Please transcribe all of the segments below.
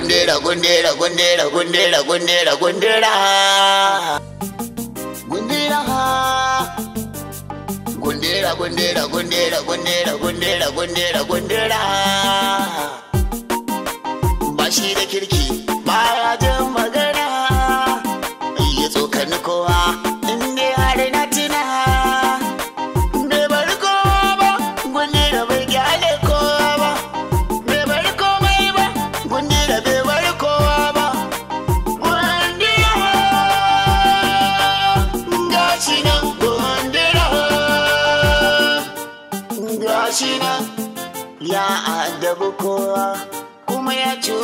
gundera gundera gundera gundera gundera gundera gundera gundera gundera gundera gundera gundera gundera gundera gundera gundera da kirki gundera jin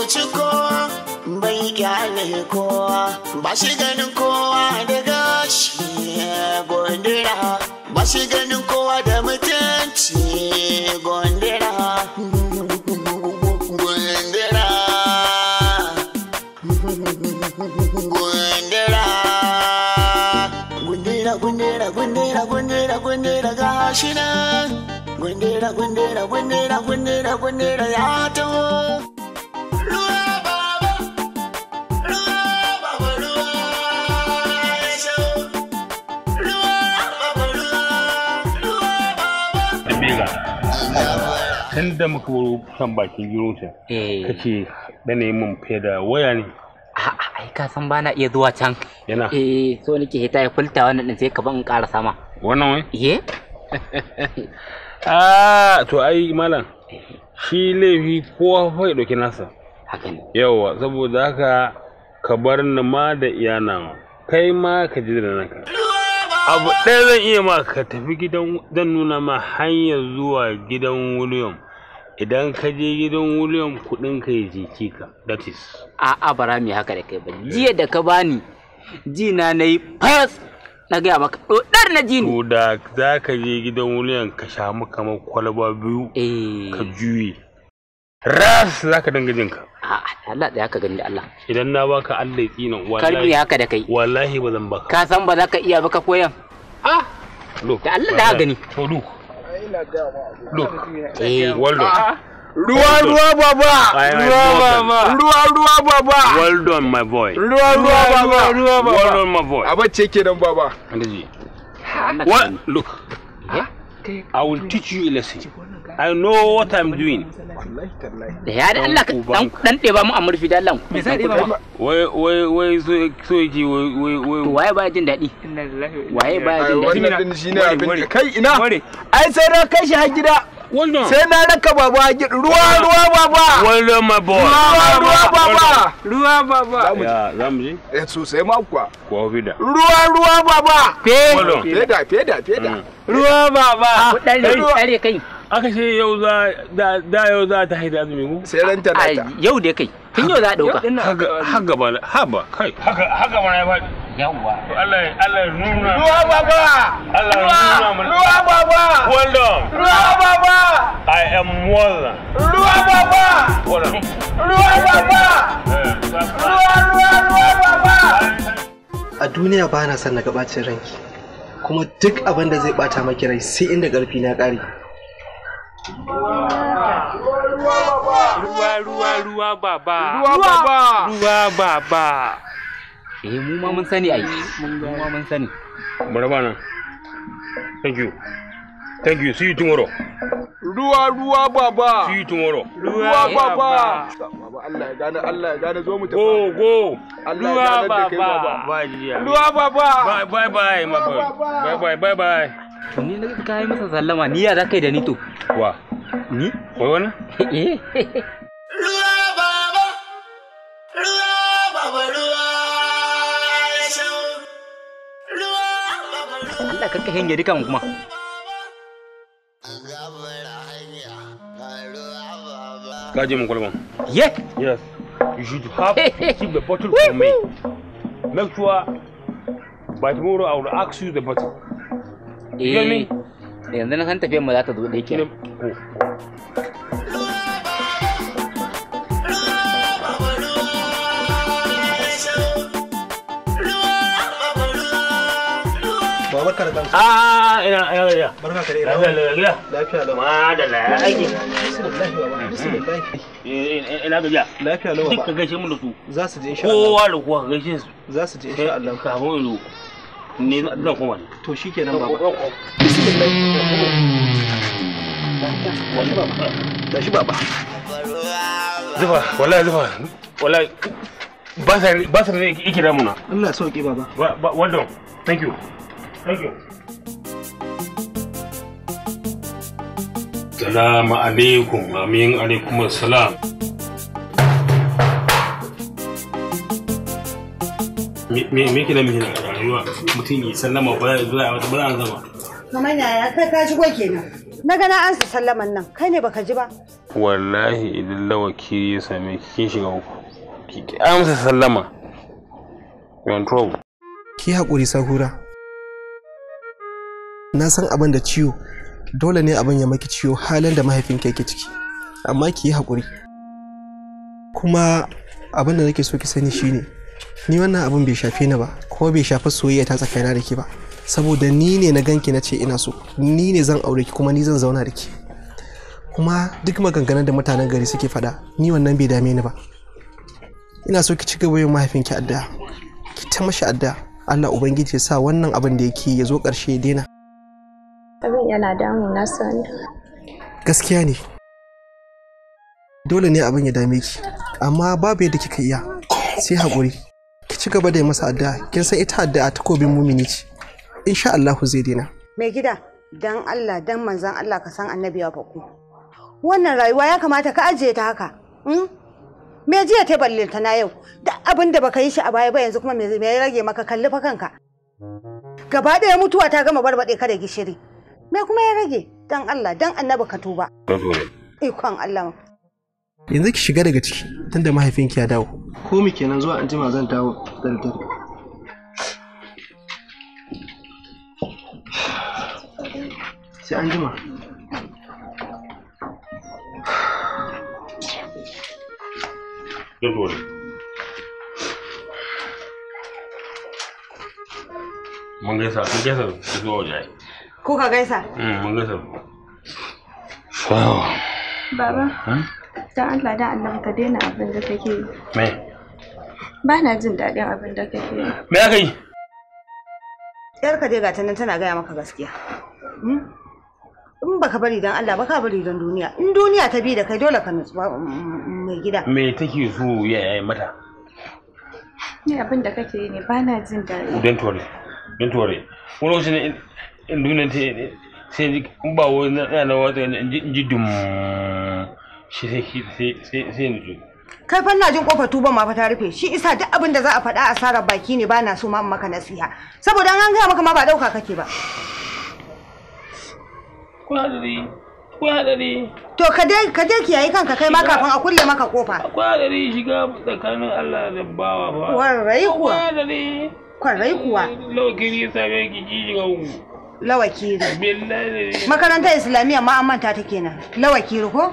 ciko bai kyale kowa ba shi ganin kowa da gashi gondira ba shi ganin kowa da mutunci gondira gondira gondira gundira gundira gundira gundira gundira gashi nan gundira gundira gundira ya taho can da muka wuro san bakin girotin eh. ka ce ɗanayin mun fiye da waya ne ai ka san bana iya zuwa can yana eh so nake hita ya fulta wannan din sai ka ban ƙara sama wannan wai eh ah to ai malam shi laifi kowa fa ya nasa haka ne yawa saboda haka ka bar ni ma da iyana kai ma ka ji da naka abu ɗaya zan iya ma ka tafi gidan zan nuna ma hanyar zuwa gidan william idan ka je gidan william kudin ka ya jiki ka that is a'a bara mai haka da kai ba jiya da ka bani ji na yi fas na gaya maka dodar na ji ne. to da za ka je gidan william ka sha maka kwalba biyu eh. ka juye ras za ka dinga jinka a'a Allah da ka gani da Allah idan na baka Allah ya tsina wallahi haka da kai wallahi ba zan baka ka san ba za ka iya baka koyan ah da Allah da gani to duk look eh waldo ah. ruwa ruwa baba ruwa baba ruwa ruwa baba waldo my boy ruwa ruwa baba ruwa baba well done my boy ce kenan baba what look i will teach you a lesson I know what I'm doing. Ya dan ɗeba mu a murfi da Allah. Me ɗeba Wai wai daɗi? Waye baya jin daɗi? Wannan din shine abin kai ina. Ai sai baba eh, Ruwa ruwa baba. my Ruwa mm. ruwa baba. Ah, ruwa Ruwa baba. Ruwa baba. kai. aka ce yau za da yau za ta haida azumi mu sai ran talata yau dai kai tun yau za a dauka har gaba ha ba kai haka gaba na faɗi yawa Allah Allah nuna ruwa baba Allah nuna mun ruwa baba hold on ruwa baba i am more ruwa baba ruwa baba ruwa ruwa ruwa baba a duniya ba na son na gabacin ranki kuma duk abin da zai bata maki rai sai inda karfi na kare Ruwa ruwa ruwa baba. Ruwa baba. Ruwa baba. Eh mu ma mun sani ai. Mu ma mun sani. Thank you. Thank you. See you tomorrow. Ruwa ruwa baba. See you tomorrow. Ruwa baba. Baba Allah ya gane Allah ya gane zo mu tafi. Go go. Ruwa baba. Ruwa baba. Bye bye bye my boy. Bye bye bye bye. ni na ka yi masa sallama ni ya za ka yi da ni to wa ni wai wannan Allah ka kahin gari kuma Kaji mun kulban. Yes. Yes. You should have keep the bottle for me. Make sure by tomorrow I will ask you the bottle. eh yanzu nan tafiyar mu za ta zo ɗaya kenan da kansu. Ah, ina ina ina. Barka ka ina ina ina. Lafiya lafiya. Madalla ya aiki. Ina Ina ina. Lafiya lafiya. Duk ka gaishe mu da su. Za su je insha Allah. Kowa da kowa ka gaishe su. Za su je insha Allah. Kafin in ne zan koma ne to shikenan baba da shi baba zuba wallahi zuba wallahi ba sa ba sa ne yake damuna Allah sauki baba well thank you thank you Salamu alaikum, amin alaikum salam. me kina mihin a rayuwa mutum ya sallama ba za a wata ba zama kamar ya kai ka shigo kenan na ga na ansa sallaman nan kai ne baka ji ba wallahi idan lawaki ya same ki kin shiga uku ki amsa sallama you're trouble ki hakuri sahura na san abin da ciwo dole ne abin ya maki ciwo halin da mahaifinka ke ciki amma ki yi hakuri kuma abin da nake so ki sani shine ni wannan abin bai shafe ni ba ko bai shafi soyayya ta tsakaina da ke ba saboda ni ne na ganki na ce ina so ni ne zan aure ki kuma ni zan zauna da ki kuma duk maganganun da mutanen gari suke faɗa ni wannan bai dame ni ba ina so ki ci gaba yin mahaifinki addu'a ki ta mashi addu'a Allah ubangiji ya sa wannan abin da yake ya zo ƙarshe ya daina abin yana damu na sani gaskiya ne dole ne abin ya dame ki amma babu yadda kika iya sai haƙuri ci gaba da masa addu'a kin san ita addu'a ta kobin mumini ce insha Allah zai daina mai gida dan Allah dan manzon Allah ka san annabi ya faku wannan rayuwa ya kamata ka ajiye ta haka hmm? me jiya ta balle na yau da abin da baka yi shi a baya ba yanzu kuma me ya rage maka kalli fa kanka gaba ɗaya mutuwa ta gama barbaɗe ka da gishiri me kuma ya rage dan Allah dan annabi ka tuba ikon Allah yanzu ki shiga daga ciki tunda mahaifinki ya dawo ko mu kenan zuwa an jima zan dawo da daddare sai an jima. worry. Mun gaisa, mun gaisa ki zuwa waje. Ko ka gaisa? Mm, mun gaisa. Wow. Baba. Huh? dan Allah dan Allah ka daina abin da kake yi me ba na jin daɗin abin da kake yi me aka yi yar ka dai ga nan tana gaya maka gaskiya hmm? in baka bari dan Allah baka bari dan duniya in duniya ta bi da kai dole ka nutsu mm, mm, mai gida me take so ya yi mata ni abin da kake yi ne ba na jin daɗi Don tore don tore wani lokacin in duniya ta sai in ba wani na wata in ji dum shi sai sai sai nutsu kai fa ina jin kofar tuban ma fa ta rufe shi isa duk abin da za a faɗa asarar baki ne ba na so ma maka nasiha saboda an gaya maka ma ba ɗauka kake ba ko hadari ko hadari to ka dai ka dai kiyaye kanka kai ma kafin a kulle maka kofa akwai hadari shiga tsakanin Allah da bawa ba Kwarai kuwa hadari kwarai kuwa lawakiri sabe ne. ji ga ne. makarantar islamiyya ma an manta ta kenan lawaki ko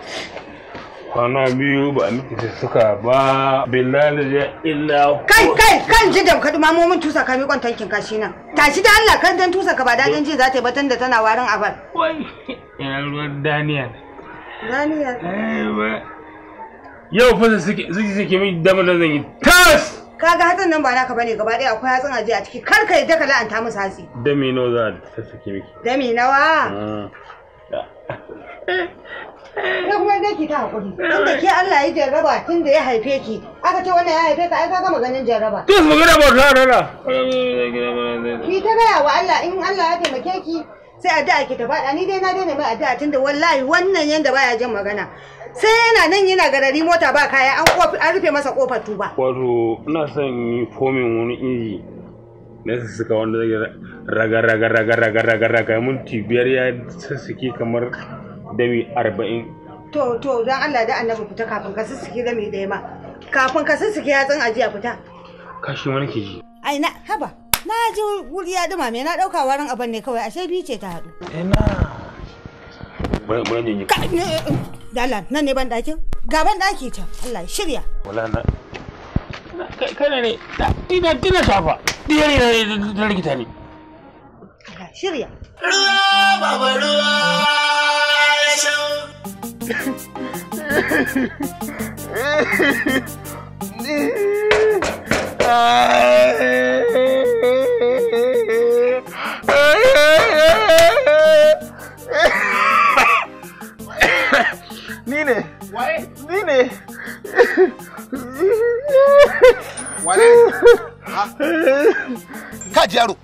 kwana biyu ba miki suka ba billahi ya illa kai kai kan ji da kadu mu mun tusa ka mi kon tankin kashi nan tashi da Allah kan dan tusa ka ba dadin ji za ta yi batan da tana warin abar wai ina ruwan daniel daniel eh, yau fa suke suke suke min dama da zan yi tas kaga hatsin nan ba naka bane gaba daya akwai hatsin aje a ciki kar ka yadda ka la'anta musu hatsi dami nawa za ta saki miki dami nawa mm. na kuma zai ki ta hakuri tunda ke Allah ya jarraba tunda ya haife ki aka ce wannan ya haife ka ai ka gama ganin jarraba to gina ba ta rana ki ta gaya wa Allah in Allah ya taimake ki sai addu'a ki ta faɗa ni dai na daina mai addu'a tunda wallahi wannan yanda baya jin magana sai yana nan yana garari mota ba kaya an rufe masa kofar tuba wato ina son yi komin wani inji na suka wanda zai raga raga raga raga raga raga minti biyar ya sassake kamar dawi arba'in annabi fita kafin ka sussuke game da ajiya fita kashi wani ke ji ai na haba na ji wuri ya dima na ɗauka warin abin ne kawai ashe biyu ce ta haɗu ina dala nan ne ban dakin ga ban daki can allah shirya wala ne dina dina dina na rikita ne shirya ruwa baba ruwa Ni ne. Waye? Ni ne. Waye? ka ji yaro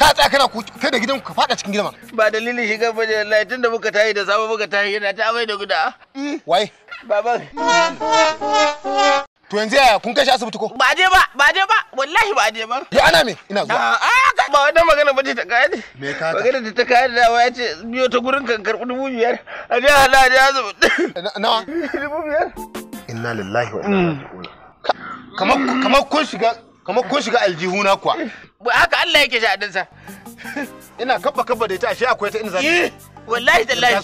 ka tsaya kana kai da gidanku ka fada cikin gidan ba dalilin shiga ba da lai tunda muka tayi da sabo muka tayi yana ta amai da guda waye. baba to yanzu yaya kun kai shi asibiti ko ba je ba ba je ba wallahi ba je ba ya ana me ina zuwa ba wannan magana ba ce ta kaya ne me ka magana da ta kaya da wa yace biyo ta gurin kan karbi dubu biyar a je hada a je asibiti nawa dubu biyar inna lillahi wa inna ilaihi raji'un kamar kun shiga kamar kun shiga aljihuna kuwa haka Allah yake shi adinsa ina kabba kabba da ita ashe akwai ta inda eh, wallahi tallahi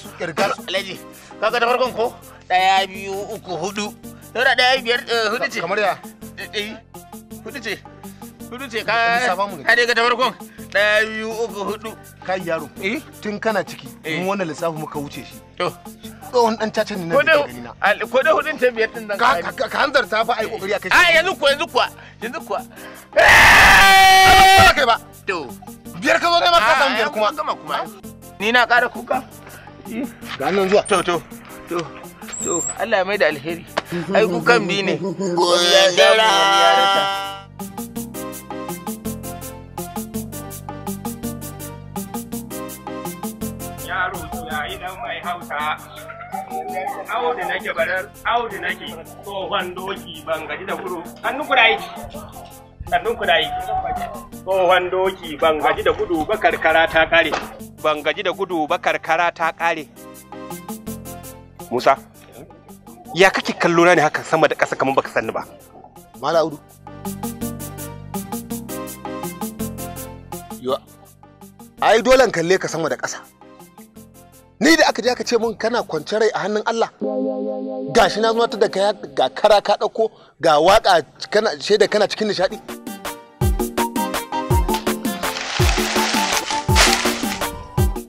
alhaji kaga da farkon ko daya biyu uku hudu dora daya biyar eh, hudu ce kamar ya eh, hudu ce hudu ce ka ka dai ga da farkon daya biyu uku hudu kai yaro tun kana ciki mun wannan lissafi muka wuce shi tsohon dan cacin ne na ko da hudun ta biyar din nan ka hanzar ta fa ai kokari a kai Ai yanzu ko yanzu kuwa yanzu kuwa ba kai ba to biyar ka zo ne ma ka san biyar kuma gama kuma ni na ƙara kuka ga nan zuwa to to to to Allah ya mai da alheri ai kukan bi ne gobe ya rata yaro yi nan mai hauta. awo nake barar awo nake tsohon doki ban gaji da gudu hannun ku da aiki hannun ku da aiki tsohon doki ban gaji da gudu ba karkara ta kare ban gaji da gudu ba karkara ta kare Musa ya kake kallo na ne haka sama da ƙasa kamar baka sani ba Mala Udu Yo ai dole kalle ka sama da ƙasa ni da aka je aka ce mun kana kwance rai a hannun Allah gashi na zuwa ta da kaya ga kara ka dauko ga waka kana shaida kana cikin nishadi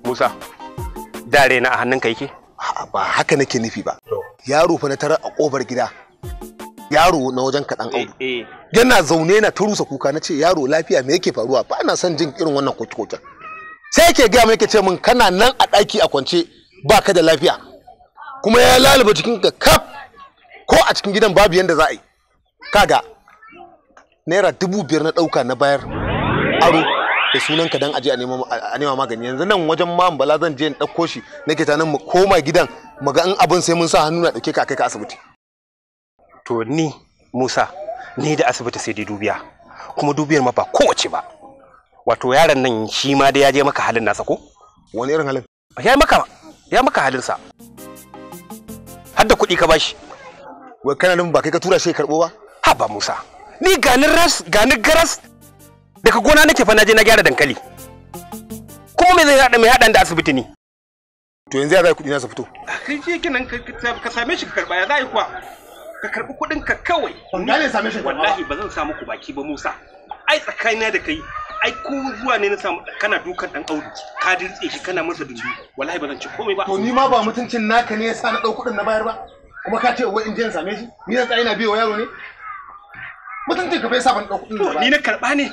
Musa dare na a hannun ka yake ba haka nake nufi ba yaro fa na tarar a kofar gida yaro na wajen kaɗan eh, aure, eh. yana zaune na turusa kuka na ce yaro lafiya me yake faruwa ba na son jin irin wannan koke sai yake gaya mai ce min kana nan a ɗaki a kwance ba ka da lafiya kuma ya lalaba cikin ka kaf ko a cikin gidan babu yanda za a yi kaga naira dubu biyar na ɗauka na bayar aro da sunan ka dan aje a nema magani yanzu nan wajen mam bala zan je in ɗauko shi nake ta nan mu koma gidan mu ga in abin sai mun sa hannu na ɗauke ka kai ka asibiti to ni musa ni da asibiti sai dai dubiya kuma dubiyar ma ba kowace ba wato yaron nan shi ma dai ya je maka halin nasa ko wani irin halin ya maka ya maka halin sa har da kuɗi ka bashi wai kana nan ba kai ka tura shi karɓo ba ha ba Musa ni ganin ras ganin garas daga gona nake fa naje na gyara dankali kuma me zai hada mai hadan da asibiti ne to yanzu ya zai kuɗi na su fito kai je nan ka same shi ka karɓa ya zai kuwa ka karɓi kuɗin ka kawai same shi wallahi ba zan sa muku baki ba Musa ai tsakanina da kai ai ko zuwa ne na samu kana dukan dan audu ka dirtse shi kana masa dundu wallahi ba zan ci komai ba to ni ma ba mutuncin naka ne yasa na dau kudin na bayar ba kuma ka ce wai in je in same shi ni zan tsaya ina biyo yaro ne mutuncin ka bai sa ban dau kudin ba ni na karba ne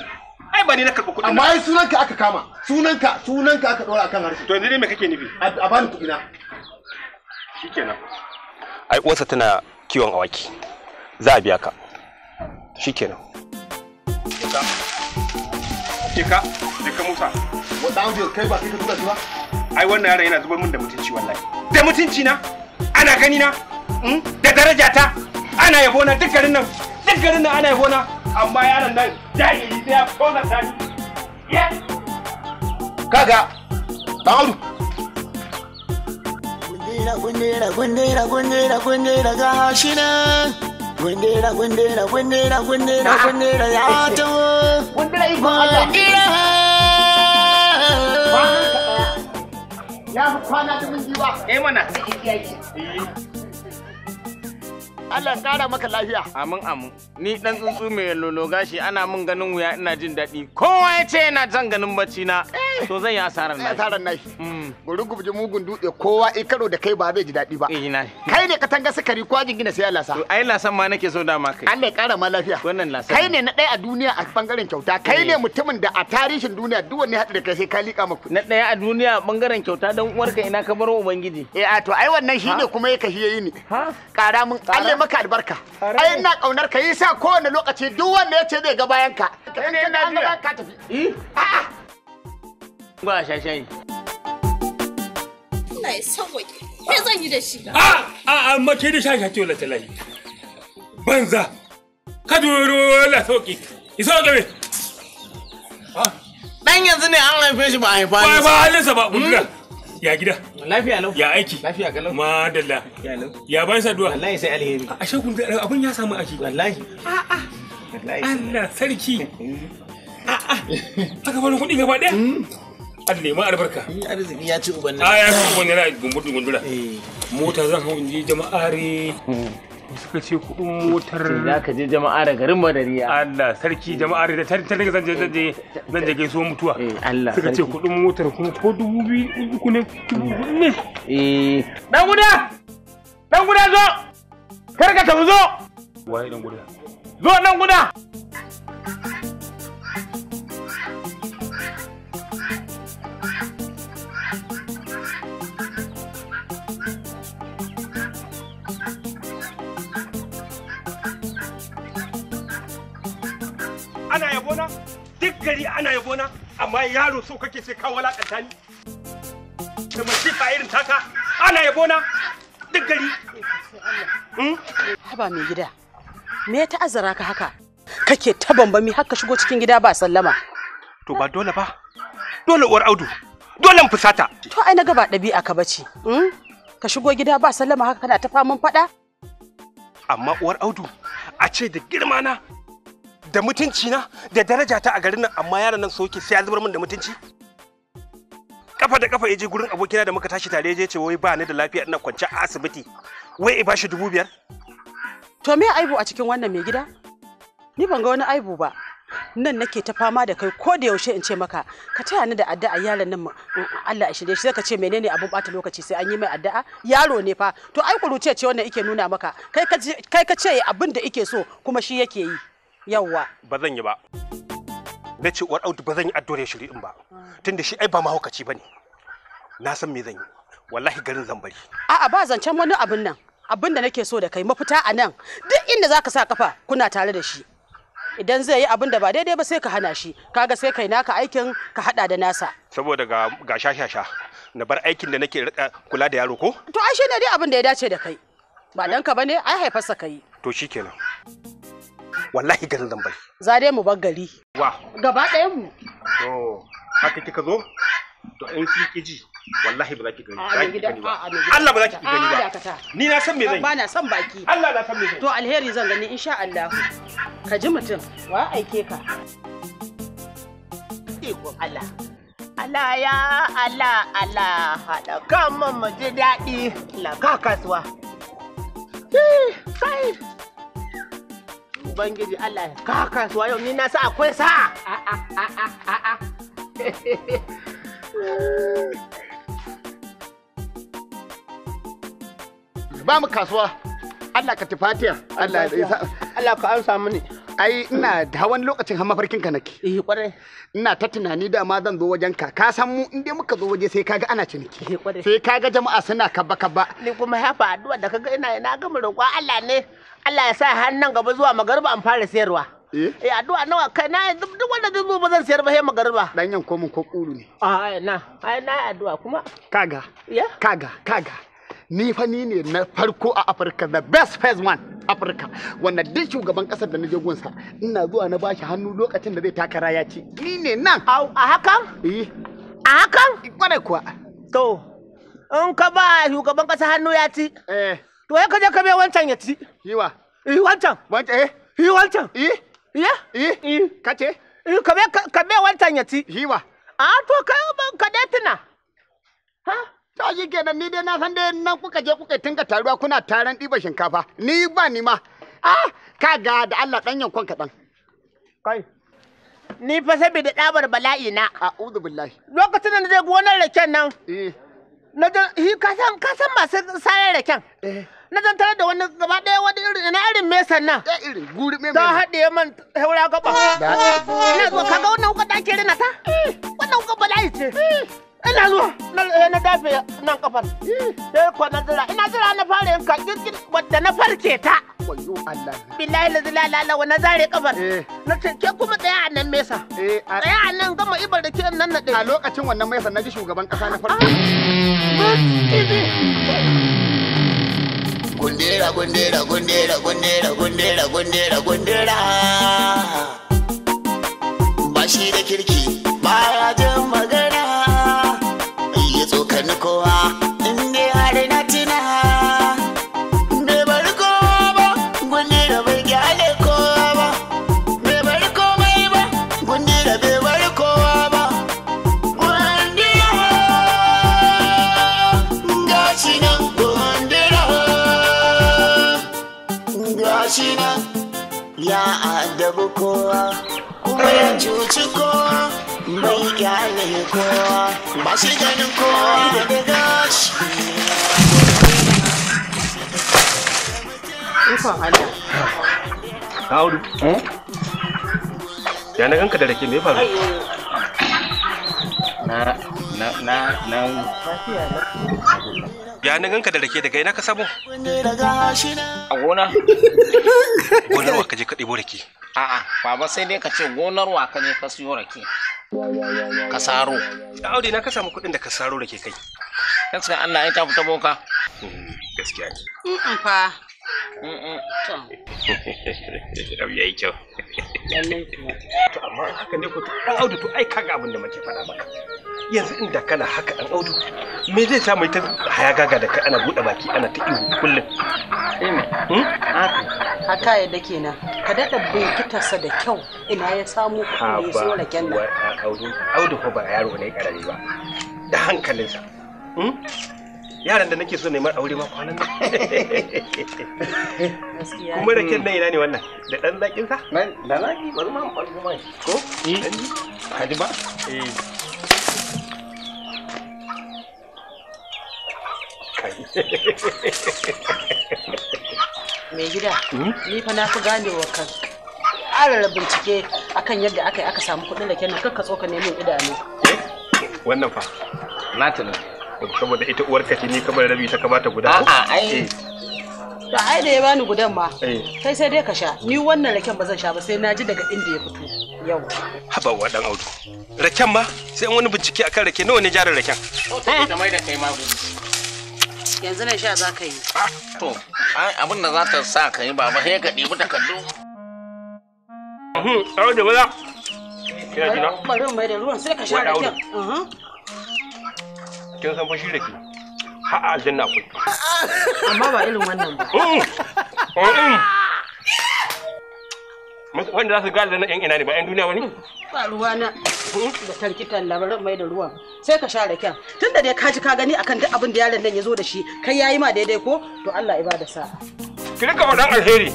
ai ba ni na karba kudin amma ai sunanka aka kama sunanka sunanka aka dora akan harshe to yanzu ne me kake nufi a bani kudi na shikenan ai uwarsa tana kiwon awaki za a biya ka shikenan Thank you. ka da ka musa audio kai ba kai ka tura shi ba ai wannan yaron yana zubar min da mutunci wallahi da mutunci na ana gani na hmm, da daraja ta ana yabo na duk garin nan duk garin nan ana yabo na amma yaron nan jahili sai ya kona ta kaga dan audu Gundira, gundira, gundira, gundira, gundira, gashi nan. Gundera gundera gundera gundera ya to. Gundera ikon Ya fi kwana Allah kara maka lafiya. Amin amin. Ni dan tsuntsu mai lolo gashi ana min ganin wuya ina jin daɗi. Kowa ya ce yana jan ganin bacci na. Eh. To zan yi asarar nashi. Asarar nashi. Hmm. Bari gubji mugun dutse kowa in karo da kai ba zai ji daɗi ba. Eh na. Kai ne ka tanga sukari ko jin gina sai Allah lasa. To ai lasan ma nake so dama kai. Allah ya kara ma lafiya. Wannan lasan. Kai ne na ɗaya a duniya a bangaren kyauta. Kai ne eh. mutumin da a tarihin duniya duk wani haɗu da kai sai ka liƙa maku. Na ɗaya a duniya bangaren kyauta dan uwarka ina ka baro ubangiji. Eh a to ai wannan shine kuma ya kashi yayi ni. Ha? Kara mun Allah maka albarka ai ina kaunar ka yasa kowane lokaci duk wanda ce zai ga bayan ka kai ne ina ka tafi eh? ba shashai ina ya zan yi da shi a a amma ke da wala banza ka duro la isa ga me dan yanzu ne an haife shi ba a haifa ba ba Ya gida. Lafiya lau. Ya aiki. Lafiya kalau. Madalla. Ya lau. Ya bayan saduwa. Wallahi sai alheri. A shekun abun ya samu aiki. Wallahi. A'a. Wallahi. Allah sarki. A'a. Aka bani kuɗi gaba ɗaya. Hmm? Allah ma albarka. Arziki ya ci ubanni. A ya ci ubanni na gumbudu gundura. Eh. Mota zan hau inji je jama'are. Hmm. suka ce kudin motar za ka je jama'a da garin ya. Allah sarki jama'a da tar tar zan je zan je zan je gaisuwar mutuwa eh, Allah suka ce kudin motar kuma ko dubu biyu uku ne dubu hudu ne eh dan guda dan guda zo kar ka tafi zo waye dan guda zo dan guda gari ana na amma yaro so kake sai ka walakanta ni da masifa irin taka ana na duk gari hmm? haba mai gida me ta azara ka haka kake ta bambami haka shigo cikin gida ba sallama to ba dole ba dole uwar audu dole fusata to ai na gaba ɗabi'a ka bace hmm? ka shigo gida ba sallama haka kana ta faman faɗa amma uwar audu a ce da girma na da mutunci na da daraja ta a garin nan amma yaran nan soke sai ya zubar min da mutunci kafa da kafa yaje gurin abokina da muka tashi tare yaje ce wai ba ni da lafiya ina kwance a asibiti wai i bashi dubu biyar to me aibu a cikin wannan mai gida ni ban ga wani aibu ba nan nake ta fama da kai ko da yaushe in ce maka ka taya ni da addu'a yaron nan Allah ya shirye shi zaka ce menene abun bata lokaci sai an yi mai addu'a yaro ne fa to ai kuruce ce wannan yake nuna maka kai ka ce abin da yake so kuma shi yake yi Yawwa. Ba zan yi ba. Na ce uwar Audu ba zan yi addu'ar shiri in ba. Tunda shi ai ba mahaukaci bane. Na san me zan yi. Wallahi garin zan bari. A'a ba zancen wani abin nan. Abin da nake so da kai mafita a nan. Duk inda zaka sa kafa kuna tare da shi. Idan zai yi abin da ba daidai ba sai ka hana shi. Kaga sai kai naka aikin ka hada da nasa. Saboda ga ga shashasha na bar aikin da nake kula da yaro ko? To ai shine dai abin da ya dace da kai. Ba danka bane ai haifarsa kai. To shikenan. wallahi garin zan bari za dai mu bar gari wa gaba ɗayan mu to haka kika zo to in ki ji wallahi ba za ki gani ba Allah ba za ki gani ba ni na san me zan yi ba na san baki Allah na san me zan to alheri zan gani insha Allah ka ji mutum wa aike ka ikon Allah Allah ya Allah Allah haɗa kan mu ji daɗi laka kasuwa kai ubangiji Allah ya ka kasuwa yau ni na sa akwai sa ba mu kasuwa Allah ka tafatiya Allah ya Allah ka amsa mini ai ina da hawan lokacin har mafarkin ka nake eh kware ina ta tunani da ma zan zo wajen ka ka san mu inda muka zo waje sai kaga ana ciniki eh, sai kaga jama'a suna kabba kabba ni kuma hafa addu'a da kaga ina ina gama roƙon Allah ne Allah ya sa hannun gaba zuwa magariba an fara sayarwa eh? eh addu'a nawa kai na duk wanda zai zo ba zan sayar ba sai magarba dan yanko mun ko kulu ne a na ai na addu'a kuma kaga kaga kaga ni fa ni ne na farko a afirka the best first one afirka wannan duk shugaban kasar da na je gunsa ina zuwa na bashi hannu lokacin da zai taka raya ci. ni ne nan a hakan eh. a hakan kwarai eh, kuwa to in ka ba shugaban kasa hannu ya ci eh. to ka je ka bai wancan ya ci yiwa eh wancan wancan eh yi wancan eh ya yi kace ka bai wancan ya ci yiwa a to ka ka dai tuna ha ta shi kenan ni dai na san dai nan kuka je kuka tinka taruwa kuna taron ɗiba shinkafa ni ba ni ma ah ka ga da Allah dan yankon kaɗan. kai ni fa da ɗabar bala'i na a'udhu billahi lokacin da na je gonar raken nan eh. na je hi ka san ka san masu sayar raken eh. na zan tare da wani gaba ɗaya wani irin ina irin mesan nan eh, irin guri me ta haɗe man haura ba. ina zo kaga wannan kuka ɗake rina ta wannan kuka bala'i ce ina zuwa eh, na dafe nan kafar sai ko na ina zura na fara yin kakirkin wadda na farke ta wayo Allah billahi la zila la na zare kafar eh. na tanke kuma tsaya a nan mesa eh, tsaya a nan gama ibar da ke nan na ɗaya a lokacin wannan mesa na ji shugaban ƙasa na farko ah, Gundera, gundera, gundera, gundera, gundera, gundera, gundera. Ba shi da kirki, ba ya jin magana. Audu. Eh? Ya na ganka da rake me faru? Na na na na Ya na ganka da rake ina ka samu? A gona. Gonar wa kaje ka ɗebo rake? A'a, baba sai dai ka ce gonar wa kaje ka siyo rake. Ka saro. Audu na ka samu kuɗin da ka saro rake kai. Gaskiya Allah ya tafi boka. Hmm, gaskiya Abu ya yi kyau. To amma haka ne ku to ɗan audu to ai kaga abin da muke faɗa maka. Yanzu inda kana haka ɗan audu me zai sa mai ta haya gaga da kai ana buɗe baki ana ta ihu kullum. Eh, hmm? Haka ya dake nan ka daɗa bikitarsa da kyau ina ya samu kuɗi ya so raken nan. Audu fa ba yaro ne ƙarami ba da hankalinsa. Hmm? yaran da nake so neman aure ma kwanan nan kuma da kyan nan ina ne wannan da dan zakin sa da zaki bari ma mu mai ko haji ba eh me gida hmm? ni fa na fi ganewa kan ƙarara bincike akan yadda aka yi aka samu kuɗin da kenan kakka tsoka neman idanu eh? wannan fa na tunan saboda ita uwar ce ni kamar rabi ta kamata guda a'a ai eh. to ai da ya bani gudan ma eh. kai sai dai ka sha ni wannan raken ba zan sha ba sai na ji daga inda ya fito yau haba wa dan audu raken ma sai wani bincike akan rake nawa ne jarin raken ta mai da kai ma yanzu ne sha za ka yi ah. to ai abin da za ta sa ka yi baba sai ka ɗibi takardu Hmm, a wajen Kira jina. Bari mai da ruwan sai ka sha raken. kin san fa shi rake har aljanna akwai amma ba irin wannan ba mm. Mm. wanda za su gada na 'yan ina ne ba 'yan duniya wani? ba ruwa na mm. da tankitan labarin mai da ruwan sai ka sha raken tunda da dai ka ji ka gani akan duk abin da yaron nan ya zo da shi kai yayi ma daidai ko to Allah ibada sa ki rika wadan alheri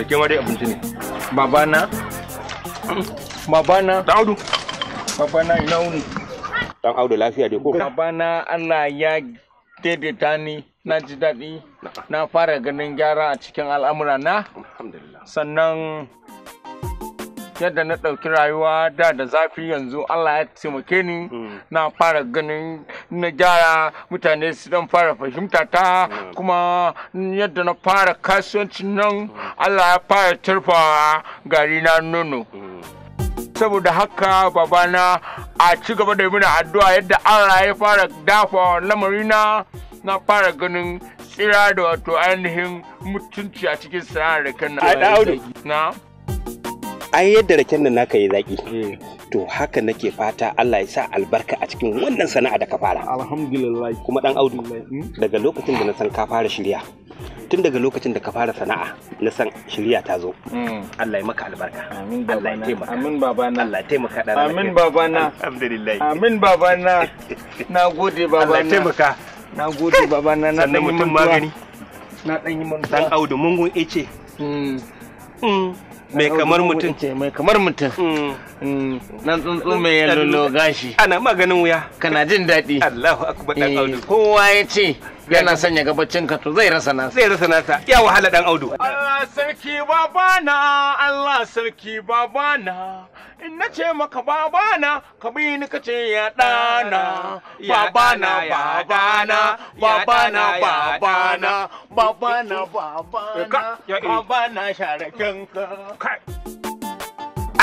da ke ma dai abinci ne babana babana dan audu babana ina wuni dan audu lafiya dai ko babana Allah ya daidaita ni na ji daɗi na fara ganin gyara a cikin al'amura na Alhamdulillah. sannan yadda na ɗauki rayuwa da da zafi yanzu Allah ya taimake ni hmm. na fara ganin na gyara mutane su dan fara fahimta ta hmm. kuma yadda na fara kasuwanci nan hmm. Allah ya fara tarfa gari na nono saboda haka babana a ci gaba da muna addu'a yadda Allah ya fara dafa lamarina na fara ganin tsira da wato ainihin mutunci a cikin sana'ar da kan na an yadda raken nan naka yi zaki eh. to haka nake fata Allah ya sa albarka a cikin wannan sana'a da ka fara alhamdulillah kuma dan audu hmm? daga lokacin da na san ka fara shirya tun daga lokacin da ka fara sana'a na san shirya ta zo hmm. Allah ya maka albarka Allah ya taimaka amin babana Allah ya taimaka dan amin babana alhamdulillah amin babana nagode babana Allah ya taimaka nagode babana na dan mutum magani na dan yi mun dan audu mungun ice mm. mm. mai kamar mutum mai kamar mutum nan tsuntsu mai yalolo gashi ana maganin wuya kana jin daɗi Allahu akbar dan eh, Audu kowa ya ce yana sanya gabacin ka to zai rasa nasa zai rasa nasa ya wahala dan audu Allah sarki babana Allah sarki babana in na ce maka babana ka bi ni ka ce ya dana babana babana babana babana babana babana babana sharakin ka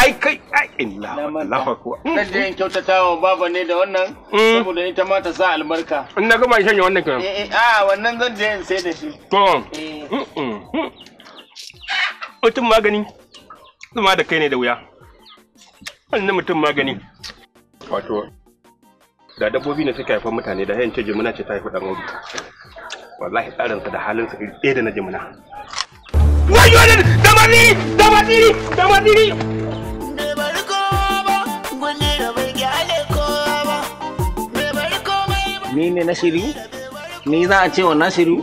ai kai ai illa Allahu akbar zan je in kyautata wa baba ne da wannan mm. saboda ita ma ta sa albarka in na gama shanye wannan kan eh, eh a ah, wannan zan je in sai da shi to eh. mm, mm, mutum magani kuma da kai ne da wuya wannan mutum magani wato da dabbobi ne suka haifa mutane da hayan ce jimina ce ta haifa dan wani wallahi tsarin tsarinsa da halinsa iri ɗaya da na jimina wayo da madiri da madiri da madiri ni ne na shiru ni za a cewa na shiru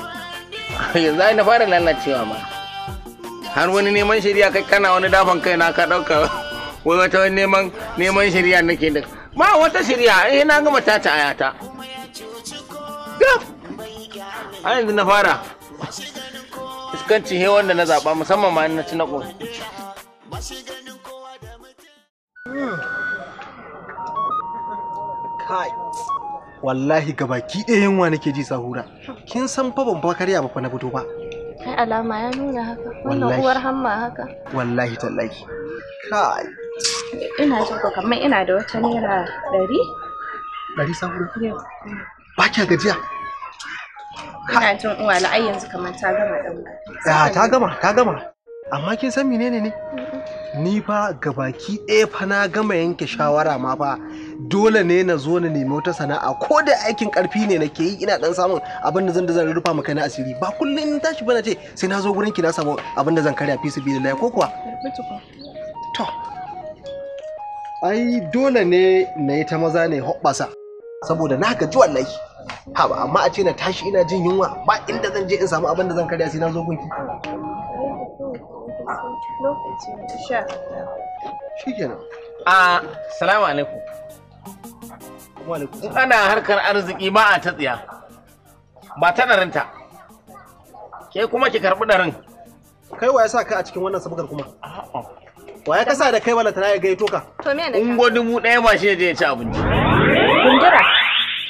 yanzu ai na fara lalacewa ma har wani neman shirya kai kana wani dafan kai na ka dauka wai wata neman neman shirya nake da ma wata shirya eh na gama ta ta ayata gaf a yanzu na fara iskanci he wanda na zaba musamman ma na ci na ƙoshi kai wallahi gabaki ɗaya yunwa nake ji sahura kin san fa ban fa karya ba fa na fito ba kai alama ya nuna haka wannan uwar hamma haka wallahi tallahi kai ina jin ko kamar ina da wata naira ɗari ɗari sahura ba kya gajiya ina jin uwa la'ai yanzu kamar ta gama ɗan ah, ta gama ta gama amma kin san menene ne ni fa gabaki ɗaya fa na gama yanke shawara ma fa dole ne na zo na nemi wata sana'a ko da aikin karfi ne na ke yi ina dan samun abin da zan da zan rufa maka na asiri ba kullum in tashi bana ce sai na zo gurin ki na samu abin da zan karya fi su biyu da ko kuwa to ai dole ne na yi ta maza ne hoɓɓasa saboda na gaji wallahi ha ba amma a ce na tashi ina jin yunwa ba inda zan je in samu abin da zan karya sai na zo gunki lokaci insha Allah shikenan a salamu alaikum in ana harkar arziki ba a ta tsiya ba ta ɗarinta ke kuma ki karɓi ɗarin kai wa ya sa ka a cikin wannan sabukar kuma wa ya kasa da kai wala tana ya gaito ka to me ne ungo dubu ɗaya ba shi da ya ci abinci gundura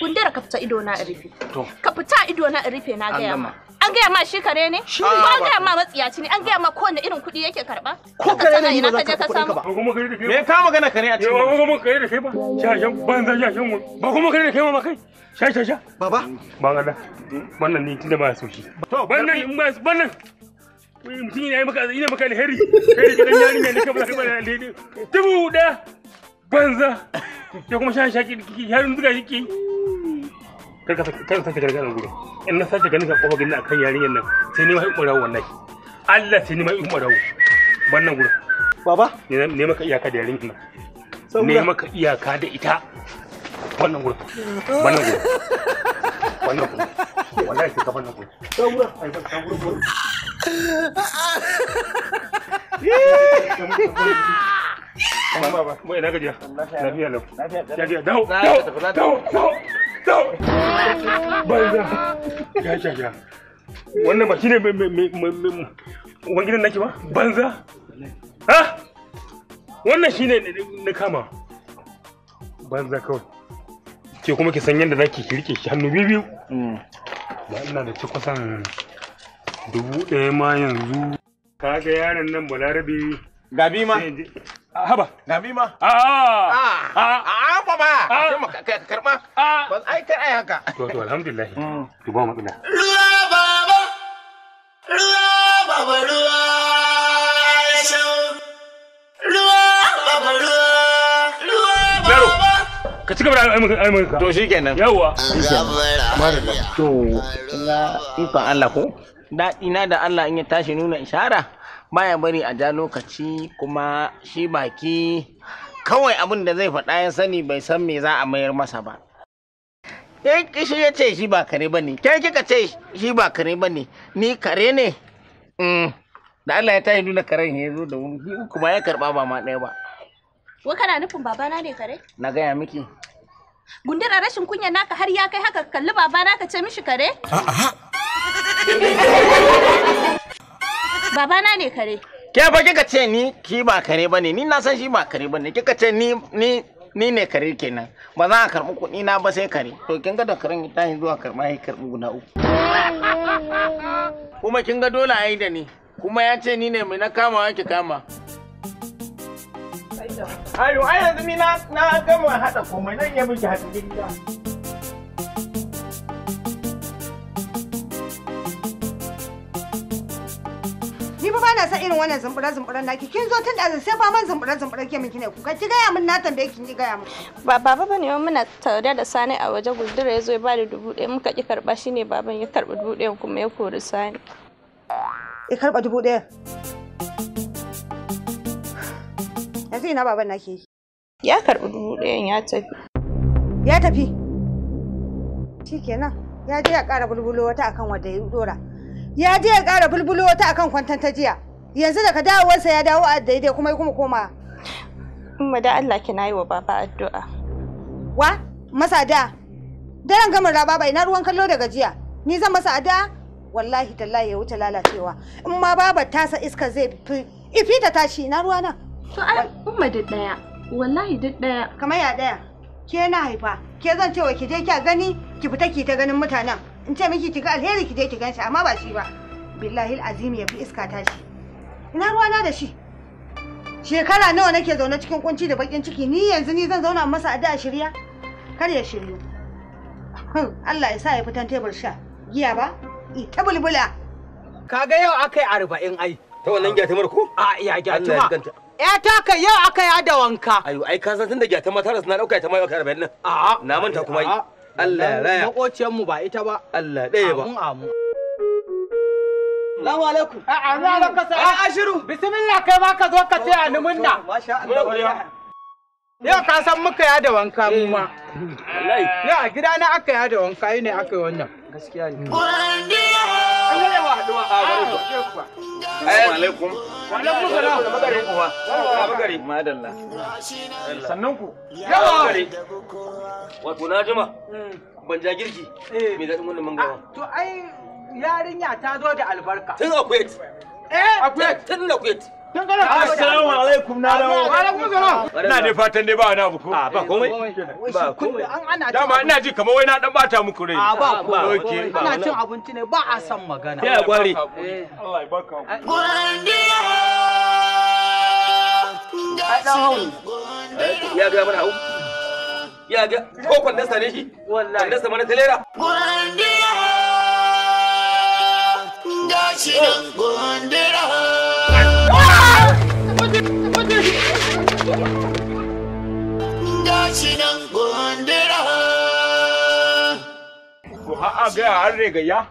gundura ka fita ido na rufe to ka fita ido na rufe na gaya ma An gaya ma shi kare ne? Shi ne. An gaya ma matsiyaci ne, an gaya ma kowanne irin kuɗi yake karɓa. Ko kare ne ba za ka kuɗin ka ba. Me ka magana kare a cikin? Ba kuma kare da kai ba. Shashen banza shashen mu. Ba kuma kare da kai ma kai. Sha sha sha. Baba. Ban Allah. Wannan ne tunda ba so shi. To wannan in ba wannan. Mutum ne ina maka ina maka alheri. Kai gidan yari ne ka ba ka ba alheri. Dubu da banza. Ya kuma sha shaki yarin zuga shi ke. kar ka sake gargaɗa gurin in na sake ganin ka kofa gina akan yarinyar nan sai ni ma yi ɓarawo wallahi Allah sai ni ma yi ɓarawo wannan gurin baba ne maka iyaka da yarinyar nan ne maka iyaka da ita wannan gurin wannan gurin wannan gurin wallahi sai ka wannan gurin saura ai ba gurin banza ya ya ya wannan ba shine nake ba banza ha wannan shine na kama banza kawai ke kuma ki san yadda nake ki rike shi hannu biyu ba ina da ci kusan dubu ɗaya ma yanzu kaga yaron nan balarabe gabi ma Ah, haba namima a a a ba ba ka karma ah. ba ai kar ai haka to to alhamdulillah mm. ki ba matsala ruwa baba ruwa baba ruwa ruwa baba ruwa ruwa baba ka ci gaba da al'amuranka to shi kenan yawwa to na ikon Allah ko da na da Allah in ya tashi nuna ishara baya bari a ja lokaci kuma shi baki kawai abin da zai faɗa ya sani bai san me za a mayar masa ba shi ya ce shi ba kare ba ne kai kika ce shi ba kare ba ne ni kare ne mm. da Allah ya yi nuna karen ya zo da wani kuma ya karɓa ba ma ɗaya ba wa kana nufin babana ne kare na gaya miki gundura rashin kunya naka har ya kai haka kalli babana ka ce mishi kare a'a baba na ne kare ke fa kika ce ni ki ba kare bane ni na san shi ba kare bane kika ce ni ni ni ne kare kenan ba za a karbi kuɗi na ba sai kare to kin ga da karen ta yi zuwa karɓa ya karbi guda uku kuma kin ga dole a yi da ni kuma ya ce ni ne mai na kama ki kama ayo ai yanzu ni na gama hada komai nan ya miki hadin gida fa na san irin wannan zumbura na naki kin zo tun da sai ba man zumbura zumbura ke miki ne ku ka ki gaya min na tambaye kin ki gaya min ba baba bane mun muna tare da sani a waje guldura yazo ya ba da dubu ɗaya muka ki karba ne baban ya karba dubu ɗaya kuma ya kori sani ya karba dubu ɗaya yanzu ina baban ke ya karbi dubu ɗayan ya tafi ya tafi shikenan ya je ya ƙara bulbulo wata akan wadda ya dora ya je ya ƙara bulbulo wata akan kwantan ta jiya yanzu daga dawowarsa ya dawo a daidai kuma kuma koma umma da Allah ki nayi wa baba addu'a wa masa da daren gamin raba bai na ruwan kallo daga jiya ni zan masa ada wallahi tallahi ya wuce lalacewa in ma baba tasa iska zai fi ta tashi na ruwa na to ai umma da daya wallahi duk daya kamar ya daya ke na haifa ke zan cewa ki je ki gani ki fita ki ta ganin mutanen in ce miki kiga alheri ki je ki ganshi amma ba shi ba billahi azim ya fi iska tashi ina ruwana da shi shekara nawa nake zaune cikin kunci da bakin ciki ni yanzu ni zan zauna masa a shirya kar ya shiryu Allah ya sa ya fitan tebur sha giya ba ita bulbula kaga yau akai arba'in ai ta wannan gyatumar ko a iya gyatuma ya ta kai yau akai ada wanka ayo ai ka san tunda da ta rasu na dauka ta mai arba'in nan a na manta kuma yi Allah raya. Makociyar mu ba ita ba. Allah ɗaya ba. amu amu. Salamu alaikum. A'a za ka kasa. A'a shiru. Bismillah kai ma ka zo ka ce a na. Masha Allah. Yau ka san muka ya da wanka mu ma. Wallahi. Eh. Yau a gidana aka ya da wanka ne aka yi wannan. Gaskiya ne. Sannan ku. Wato na jima. Eh. Ban ja girki. Eh. Me daɗin wannan mangawa. Ah, to ai yarinya ta zo da albarka. Tun akwai. Eh. Akwai. Tun akwai. Don kana Assalamu alaikum na dawo. Wa alaikum salam. Ina dai fatan dai ba wani abu ko? A ba komai. Ba komai. An ana Dama ina ji kamar wai na dan bata muku rai. A ba komai. Ana cin abinci ne ba a san magana. Ya gware. Eh. Allah ya baka. Ya ga mana hau. Ya ga ko ne shi? Wallahi. mana Gashi nan Gashi nan gondira. To ha a ga har rigaya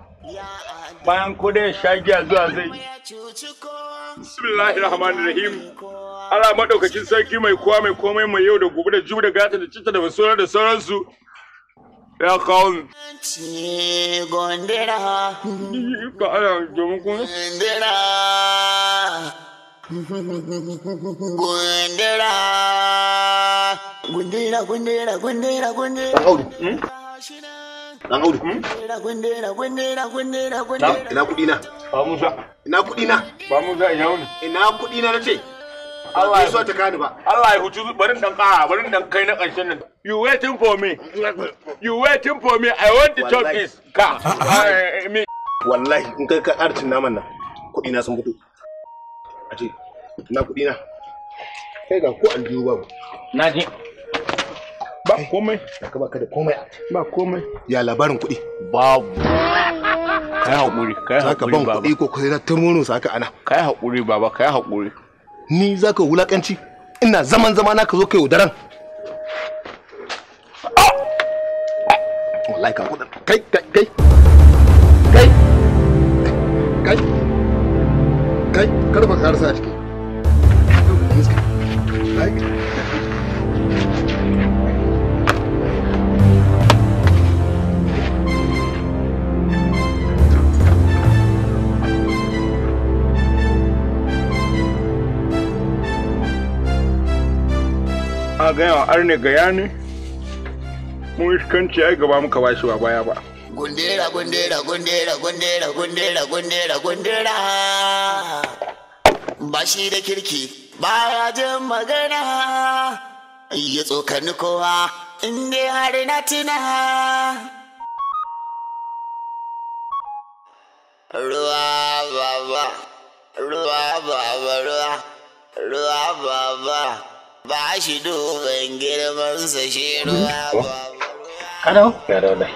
bayan ko da shagiya zuwa zai. Bismillahir Rahmanir Rahim. Allah madaukakin sarki mai kowa mai komai mai yau da gobe da jibi da gata da citta da basura da sauransu. Ya kawo Gondira. Ka ana domin kuma. Gondira. Gundira, gundira, gundira, gundira, gundira. Dan Audu. Hmm? Hmm? Gundira, gundira, gundira, gundira, gundira. Ina kuɗi na. Ba Musa. Ina kuɗi na. Ba Musa ina wuni. Ina kuɗi na nace. Allah ya ta kani ba. Allah ya barin dan kaha barin dan kai na nan. You waiting for me. You waiting for me. I want to talk this car. Ah, ah. eh, eh, Wallahi in kai ka arcin naman nan kuɗi na sun fito. aje na kuɗi na kai ga ba komai ba ka da komai babu kai hakuri kai hakuri ban kuɗi ko kai na saka ana kai ina zaman zama na ka zo kai udaran ah! wallahi ka kuɗin kai kai kai kai kar ba karsa a ciki a gaya wa arne gaya ne mun iskanci ai gaba muka bashi ba baya ba gundera gundera gundera gundera gundera gundera gundera bashi da kirki baya jin magana ya tsokani kowa inda har na tuna ruwa baba ruwa baba ruwa ruwa baba ba shi duban girmansa shi ruwa baba Hello? dai.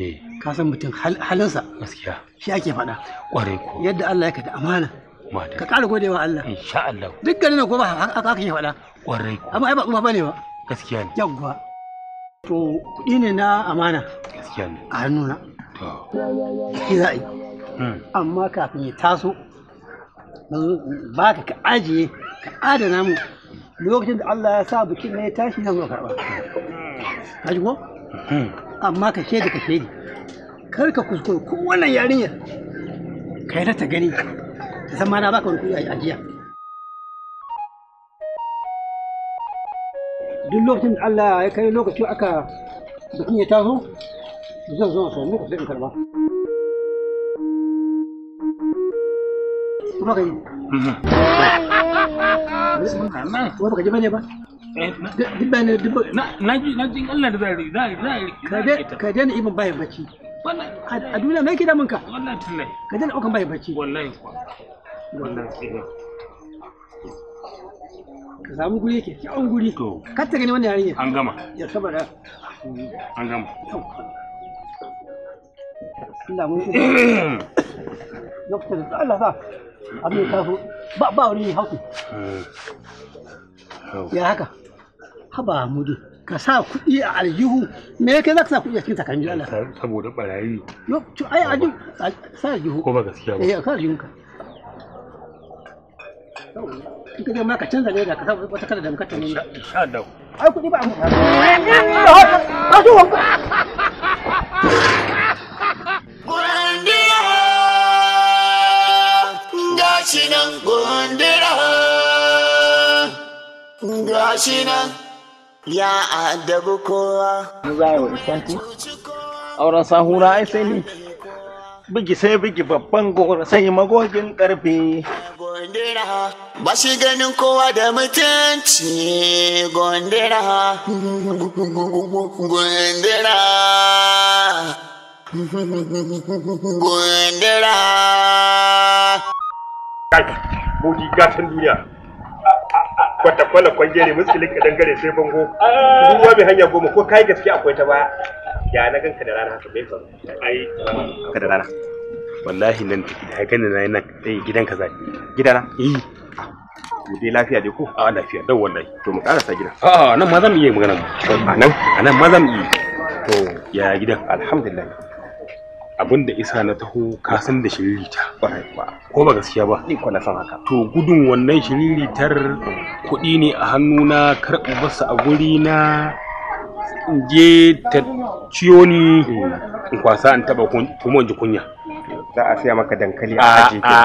Eh. ka san mutum halinsa gaskiya shi ake faɗa ƙwarai ko yadda Allah ya kada amana ka ƙara godewa Allah insha Allah Duk ganin ko ba haka ake faɗa ƙwarai ko amma ai ba kuma bane ba gaskiya ne yawwa to kuɗi ne na amana gaskiya ne a na to shi za a yi hmm. amma kafin ya taso ba ka ka ajiye ka adana mu lokacin da Allah ya sa bikin ne ya tashi na zuwa karɓa hmm. ka ji ko hmm. amma ka shaidi ka shaidi kar ka kuskure ko wannan yarinyar kai na ta gani ta san ma na baka wani kuɗi a jiya duk lokacin da Allah ya kai lokacin aka bikin ya taso zan zo sai muka sai in karba kuma ka yi wani mhm. ji bane ba Eh, duk bayanin duk na ji na ji Allah da zari za za ka da ka da ibn bai bacci a duniya me yake da munka wallahi tallahi ka da daukan bai bacci wallahi wallahi ka samu guri yake kyawun guri ka ta gani wannan yarinya an gama ya saboda an gama Allah mun ku Allah sa abin so ba ba ne hauki eh, ya haka haba mudu ka sa kuɗi a aljihu me yake za ka sa kuɗi a cikin takalmi Allah eh, saboda barayi yo to ai aljihu sa aljihu ko ba gaskiya ba eh ka aljihu ka ka ma ka canza ka sa wata kada da muka ne insha Allah ai kuɗi ba amfani gashi ya adabu kowa. Mu za wa ishanku? Auren sahura ai sai ne. Bigi sai bigi babban gora sai magogin karfe. Gondira ba shi ganin kowa da mutunci gondira. Gondira. Gondira. Kai, bodi gatan duniya. kwatakwala kwangere muskilin ka dangare sai bango ruwa mai hanya goma ko kai gaske akwai ta ba ya na ganka da rana haka bai faru ai ka da rana wallahi nan da hakan na nan dai eh, gidan ka zai gidana eh to dai lafiya dai ko a lafiya dan wallahi to mu karasa gidan a nan ma zan yi magana a nan a nan ma zan yi to ya gidan alhamdulillah abin da isa na taho ka san da shiririta ko ba gaskiya ba ni ko na san haka to gudun wannan shiriritar kuɗi ne a hannuna kar in basa a guri na je ta ciyo ni in kwasa in taba kuma ji kunya za a siya maka dankali a aji a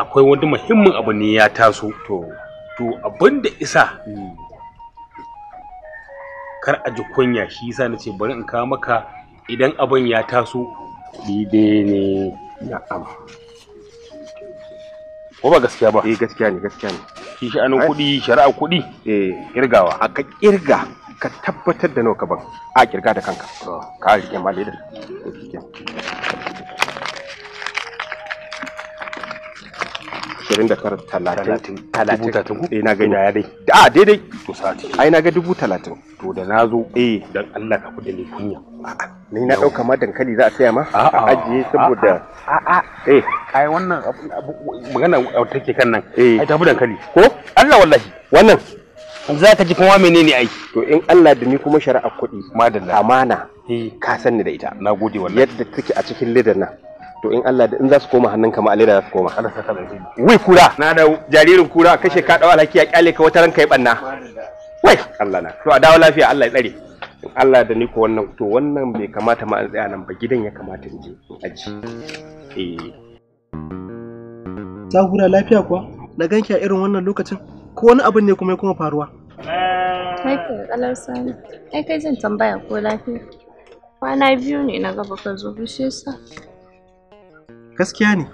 akwai wani muhimmin abu ne ya taso to to abin da isa hmm. kar a ji kunya shi yasa nace bari in kawo maka idan abin ya taso daidai ne ama. ko ba gaskiya ba eh gaskiya ne gaskiya ne shi sha'anin eh. kuɗi shari'a kuɗi eh kirgawa a ka kirga ka tabbatar da nawa ka ban a kirga da kanka oh. ka rike malidar talatin dubu talatin eh na gani ya dai a daidai to sati ai na ga dubu talatin to da na zo eh dan Allah ka kudi ne kunya ni na dauka ma dankali za a saya ma a ajiye saboda a a eh ai wannan magana take kan nan eh. ai tafi dankali ko Allah wallahi wannan za ka ji kuma menene aiki to in Allah da ni kuma shari'a kuɗi amana eh. ka san ni da ita nagode wallahi yadda take a cikin lidan nan to in Allah da in za su koma hannun kama da za su koma wai kura na da jaririn kura kashe ka dawo alhaki ya kyale ka wata ranka ya banna wai Allah na to a dawo lafiya Allah ya tsare in Allah da ni ko wannan to wannan bai kamata ma tsaya nan ba gidan ya kamata in je in aji eh sahura lafiya kuwa na ganki a irin wannan lokacin ko wani abin ne kuma ya kuma faruwa kai ka kalar sani ai kai zan tambaya ko lafiya kwana biyu ne na gaba ka zo shi yasa gaskiya ne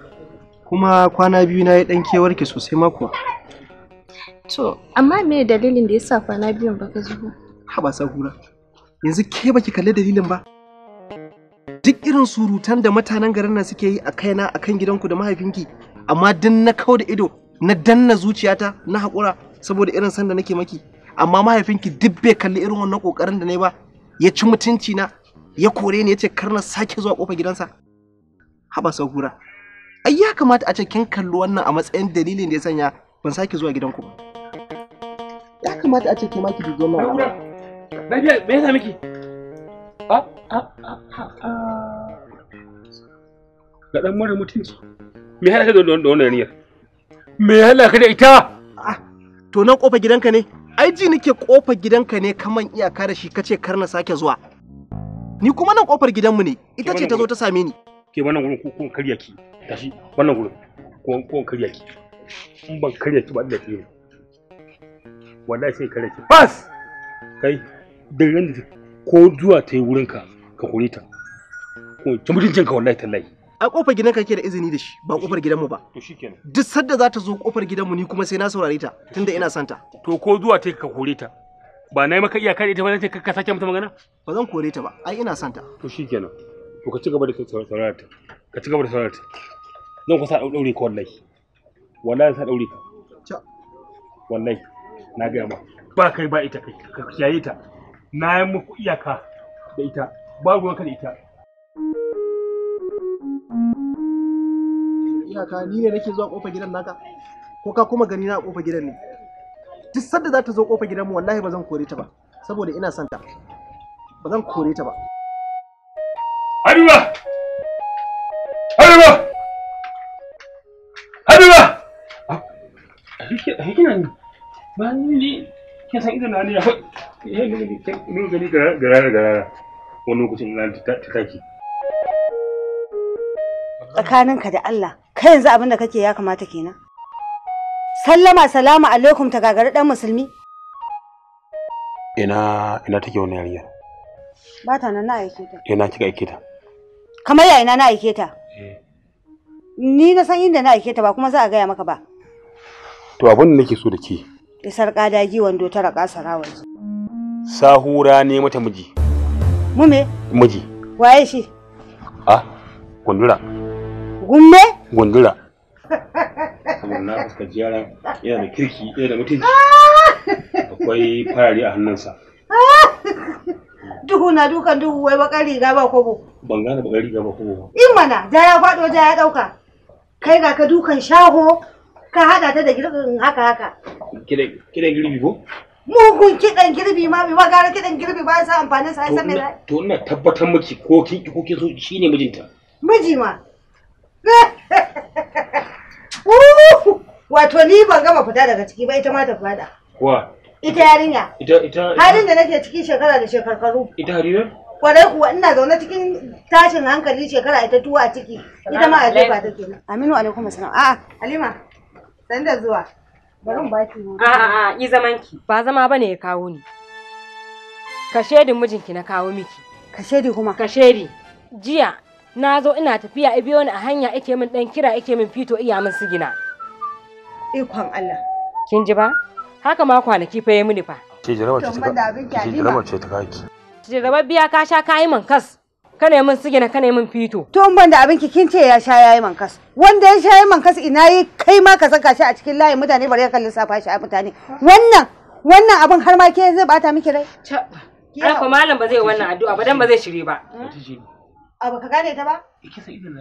kuma kwana biyu na yi kewar ke sosai mako to amma me dalilin da yasa kwana biyun baka zo ba sahura yanzu ke baki kalli dalilin ba duk irin surutan da mutanen garin nan suke yi a kaina a kan gidanku da mahaifinki amma duk na kau da ido na danna zuciyata na haƙura saboda irin sanda nake maki amma mahaifinki duk bai kalli irin wannan ƙoƙarin da na yi ba ya ci mutunci na ya kore ni ya ce na sake zuwa ƙofar gidansa haba sahura ai ya kamata a ce kin kalli wannan a matsayin dalilin da ya sanya ban sake zuwa gidanku ba ya kamata a ce ke maki dubi wannan al'amari ba. me yasa miki a a a a ga dan mara mutunci me halaka da wannan niyyar me halaka da ita ah, to nan kofar gidanka ne ai ji nake kofar gidanka ne kaman iyaka da shi kace kar na sake zuwa ni kuma nan kofar gidanmu ne ita ce ta zo ta same ni ke wannan gurin ko kun karya ki tashi wannan gurin ko kun karya ki in ban karya ki ba da ke wallahi sai karya ki bas kai duk ran ko zuwa ta yi wurin ka ka kore ta ko ki mutuncin ka wallahi tallahi a kofar gidan ka ke da izini da shi ba kofar gidanmu ba to shikenan duk sadda za ta zo kofar gidanmu ni kuma sai na saurare ta tunda ina santa to ko zuwa ta ka kore ta ba na yi maka iyaka da ita ba zai ka sake mata magana ba zan kore ta ba ai ina santa to shikenan to ka ci gaba da saurara ka ci gaba da saurara zan kusa ku sa daure ka wallahi wallahi sa ɗaure ka wallahi na gaya ma ba kai ba ita kai ka kiyaye ta na yi muku iyaka da ita ba ka da ita iyaka ni ne nake zuwa kofar gidan naka ko ka kuma gani na kofar gidan ne duk sadda za ta zo kofar gidan mu wallahi ba zan kore ta ba saboda ina son ta ba zan kore ta ba Habiba! Habiba! Habiba! Hikina ne, ba ah, ni kin san idan ne ya ni ni ni gani garara garara wani lokacin ina ta taki. Tsakaninka da Allah, kai yanzu abin da kake ya kamata kenan. Sallama salamu alaikum ta gagari ɗan musulmi. Ina ina take wani yarinyar? Ba ta nan na aike ta. Ina kika aike ta? kamar ya ina na aike ta eh. ni na san inda na aike ta ba kuma za a gaya maka ba to abin da nake so da ke isar kadagi wando ta raka sarawar sahura ne mata miji mu me miji waye shi ah gundura gumme gundura na fuskanci jiyara yana da kirki yana da mutunci akwai farare a hannunsa duhu na dukan duhu wai bakar riga ba kobo ban gane bakar riga ba kobo in mana ja ya fado ja ya dauka kai ga ka dukan shaho ka hada ta da girbin haka haka kidan girbi ko mugun kidan girbi ma bai magana kidan girbi ba sa amfani sai san me da to ina tabbatar miki ko kin ki ko kin so shine mijinta miji ma wato ni ban gama fita daga ciki ba ita ma ta fada kuwa Ita yarinya. Ita ita. Halin da nake cikin shekara da shekarkaru. Ita Harira? Kwarai kuwa ina zaune cikin tashin hankali shekara ita tuwa a ciki. Ita ma a jefa take. Aminu alaikum assalam. A'a Halima. San da zuwa. Bari mu baki. A'a a'a yi zaman ki. Ba zama bane ya kawo ni. Ka shedin mijinki na kawo miki. Ka shedi kuma. Ka shedi. Jiya na zo ina tafiya a biyo ni a hanya ake min dan kira ake min fito iya min sigina. Ikon Allah. Kin ji ba? haka ma kwanaki fa ya mini fa Ki jarabar ce ta ce jarabar ce ta kaki biya ka sha kayi man kas Ka ne min sigina ka ne min fito to ban da abinki kin ce ya sha yayi man kas wanda ya sha yayi man kas ina yi kai ma ka saka shi a cikin layin mutane bari ka lissafa shi a mutane wannan wannan abin har ma ke zai bata miki rai Ai ko malam ba zai wannan addu'a ba dan ba zai shiri ba. Abu ka gane ta ba? Ki sa idan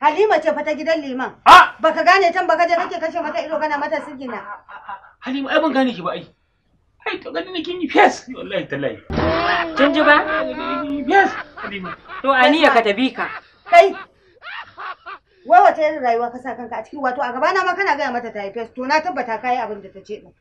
Halima ce fa ta gidan liman. A baka gane can baka je kake kashe mata ido kana mata sigina. Halima ai ban gane ki ba ai. Ai to gani ne kin yi fes wallahi tallahi. Kin ji ba? Yes Halima. To aniya ka tabi ka. Kai Wai wata irin rayuwa ka sa kanka a ciki wato a gaba na ma kana gaya mata ta yi fes to na tabbata kai abin da ta ce din.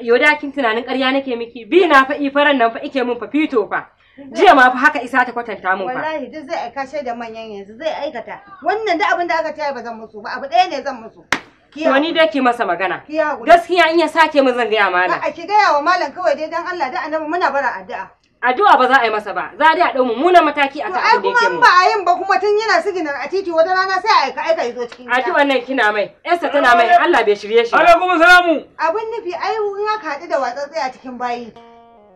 Yau da kin tunanin ƙarya nake miki bi na fa'i faran nan fa ike mun fa fito fa. jiya ma fa haka isa ta kwatanta mun fa wallahi duk zai aika da manyan yanzu zai aikata wannan duk abin da aka tayar ba zan musu ba abu ɗaya ne zan musu to ni dai ke masa magana gaskiya in ya sake mu zan gaya malam a ki gaya wa malam kawai dai dan Allah da annabi muna bara addu'a addu'a ba za a yi masa ba za a dai a ɗau mummunan mataki a kan abin da yake mu ba a yin ba kuma tun yana siginar a titi wata rana sai a aika aika yazo cikin addu'a nan kina mai yarsa tana mai Allah bai shirye shi alaikum salamu abin nufi ai in aka haɗu da watsatsai a cikin bayi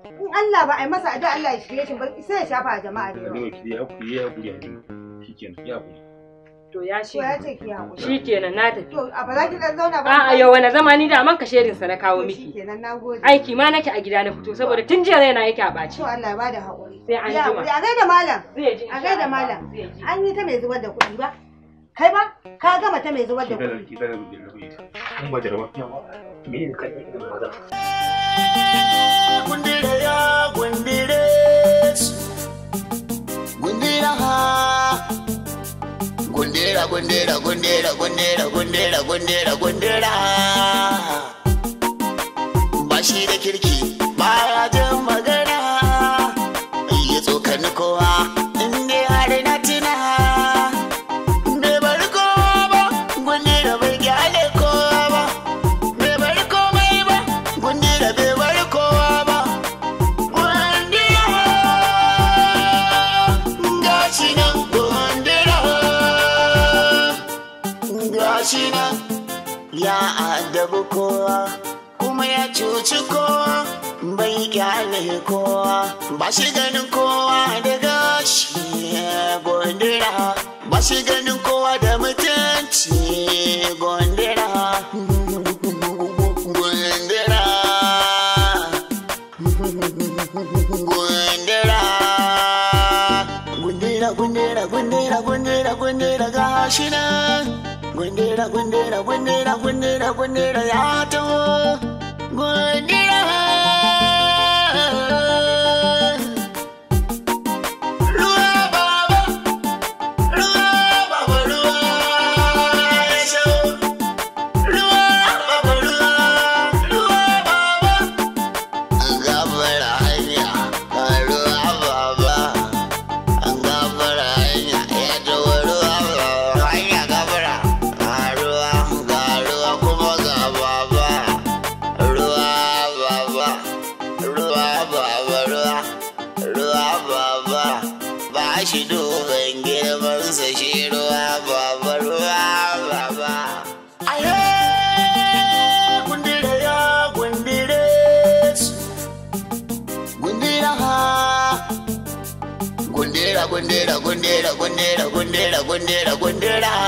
in Allah ba a yi masa addu'a Allah ya shirye shi ba sai ya shafa a jama'a da yawa ki ya ku ya ku ya shikenan ya ku to ya shi ya ce ki hakuri shikenan na tafi to a ba ki dan zauna ba a'a yau wani zamani da man kashe shedin sa na kawo miki shikenan nagode aiki ma nake a gida na fito saboda tun jiya raina yake a baci to Allah ya bada hakuri sai an jima a gaida malam a gaida malam an yi ta mai zubar da kuɗi ba kai ba ka gama ta mai zubar da kuɗi da gundera gundera gundera gundera gundera gundera gundera, gundera, da kirki ci kowa bai kyale kowa ba shi ganin kowa da gashi gondira ba shi ganin kowa da mutunci gondira gundera, gundera, gundera, gundera, gundera, gundera, gundera, gundera, gundera, gundera, gundera, gundera, gundera, gundera, gundera, gundera 过的人。wonder how.